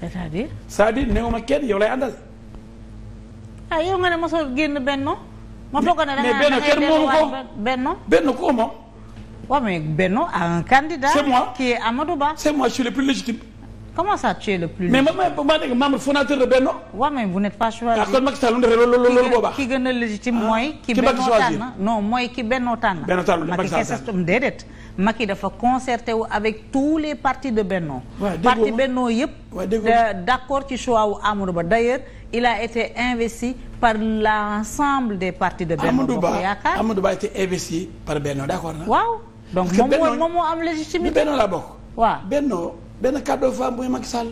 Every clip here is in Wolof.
c'est-à-dire. c'est-à-dire néew ma kenn yow lay àndal. ah yow nga ne mosoo génn benno ma foog ne da ngaa da ngay delluwaat benno benno ko moom. waaw mais benno a un candidat. c'est moi qui est Amadou Ba. c'est moi je suis le plus légitime. comment ça tu es le plus. mais man maa nekk membre fondateur de Benno. waaw mais vous n'êtes pas choisi. Ah, kon Macky Sall lu ki gën a légitime ah, non mooy ki Benno tànn. Benno tànn Macky Sall déedéet. Macky dafa concerté wu avec tou les parti de Benno. waaw parti Benno yëpp. d'accord ci choix wu Amadou Ba d'ailleurs la a été investi par l'ensemble des parti de Benno Bokk Yaakaar Amadou Ba Amadou Ba a été investi par Benno d'accord na. waaw donc moom moo moom moo am légitimité. Benno la bokk. benn cadeau fa mooy Macky Sall.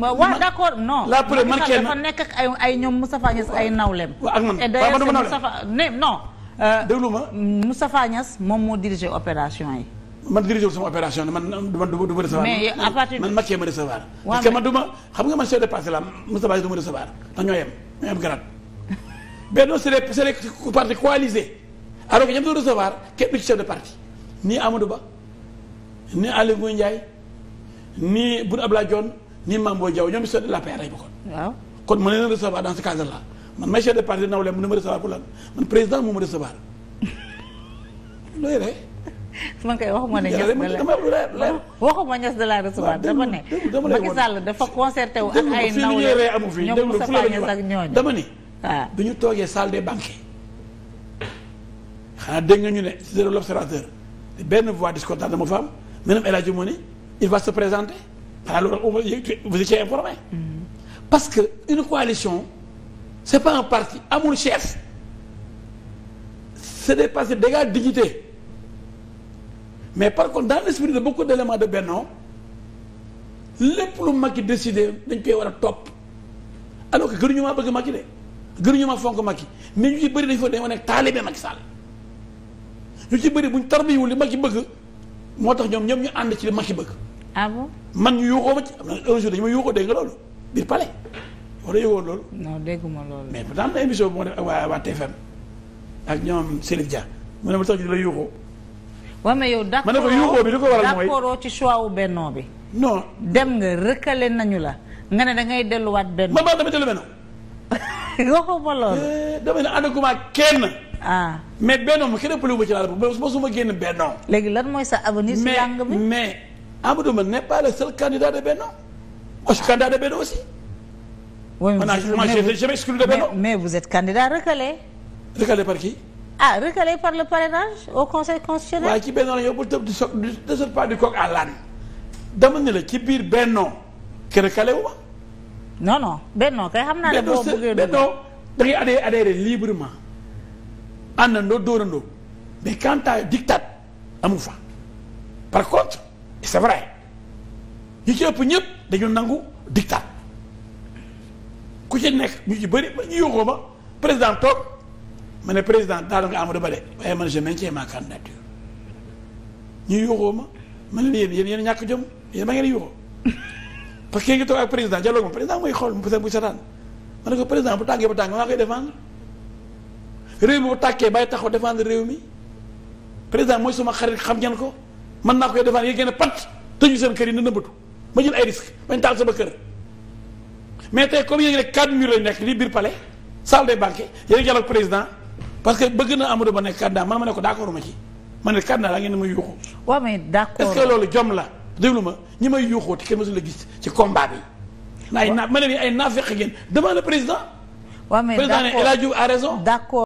ma waaw d'accord non. la preuve man kenn dafa nekk ak ay ay ñoom Moustapha Niass ay nawleem. waaw ak man waaw man Moustapha ne non. Euh, déglu ma Moustapha Niass moom moo dirigé opération yi. man dirigé wu sama man du ma du ma recevoir. mais à partir man Macky ma recevoir. parce que man du ma xam nga man chef de parti la Moustapha Niass du ma recevoir ñoo yem ñoo yem grade. Benno c'est les c'est les partis coalisés alors que ñoom du recevoir képp ci chef de parti nii Amadou Ba ni Aly ni Boun Abdallah jon ni Mame Boye Diao ñoom ils sont de l'APR ay bokkoon. waaw kon mën na leen recevoir dans ce cadre man may chef de nawle mën na ma recevoir pour lan man président moo ma recevoir looy rek. man kay waxuma ne ñes de la waxuma ñes de la recevoir dama ne. Macky dafa concerté ak ay nawle dama ne. waaw ah. bi ñu toogee salle des banquets xanaa dégg nga ñu ne ci l'observateur benn voix discordante dama fa am même El Hadji il va se présenter alors vous étiez informé mm-hmm. parce que une coalition c'est pas un parti amul chef c'est des partis dégâts de dignité mais par contre dans l'esprit de beaucoup de Benno lépp lu Macky décidé dañ koy war a topp alors que gënuñu maa bëgg Macky de gënuñu maa fonk Macky mais ñu ci bëri dañu fa dañoo nekk taalibe Macky Sall ñu ci bëri buñ tarbiwul li Macky bëgg moo tax ñoom ñoom ñu ànd ci li Macky bëgg ah bon man ñu yuuxoo ma ci am na un jour dañu ma yuuxoo dégg nga loolu biir palais wala yëgoon loolu. non dégguma loolu. mais pourtant am na émission bu ma def ak waa waa TFM ak ñoom Serigne Dia mu ne ma tax ñu la yuuxoo. waaw mais yow d'accord ma ne ko yuuxoo bi li ko waral mooy d'accord ci choix wu bennoo bi. non dem nga rëkkale nañu la nga ne da ngay delluwaat benn. man maa dama dellu benn. waxuma loolu. Eh, dama ne àndakuma kenn. ah mais benn moom kenn ëppale wu ma ci laal ba su ma génn benn. léegi lan mooy sa avenir. si làng bi mais mais. Amadou Ba n'est pas le seul candidat de Benno moi je suis candidat de Benno aussi. oui mais, je mais, mais, mais vous êtes candidat recalé. recalé par qui. ah recalé par le parrainage au conseil constitutionnel. waaye ci Benno la yow bul tëb di so du desal pas du coq la ci biir beno ki recalé wu ma. non non Benno kay xam naa ne. boo bëggee Benno da ngay adhéré adhéré librement àndandoo dóorandoo diktat amu fa par contre. c'est vrai yi ci ëpp ñëpp dañu nangu diktat ku ci nekk ñu ci bëri ñu yuuxoo ma président toog ma ne président daal nga Amadou Ba de waaye man je maintiens ma candidature ñu yuuxoo ma ma ne yéen yéen ñàkk jom yéen ma ngeen yuuxoo parce que yéen ngi toog ak président dialogue ma président mooy xool peut-être muy sataan ma ne ko président bu tàngee ba tàng maa koy défendre réew mi bu tàkkee bàyyi taxaw défendre réew mi président mooy suma xarit xam ngeen ko mën naa koy defaan yéen a pat tëju seen kër yi na nëbbatu ma jël ay risque bañ taal sama kër mais tey comme yéen a nekk quatre nekk lii biir palais salle des banquets yéen a jàll président parce que bëgg na Amadou Ba nekk candidat man ma ne d' accord ma ci ma ne candidat laa ngeen di ma yuuxu. waaw mais d' accord loolu jom la déglu ma ñi may yuuxoo te kenn mësul la gis ci combat bi. waaw ay naa ma ne nii ay naafeq a demande président. waaw d' président ne El Hadj Diouf a raison.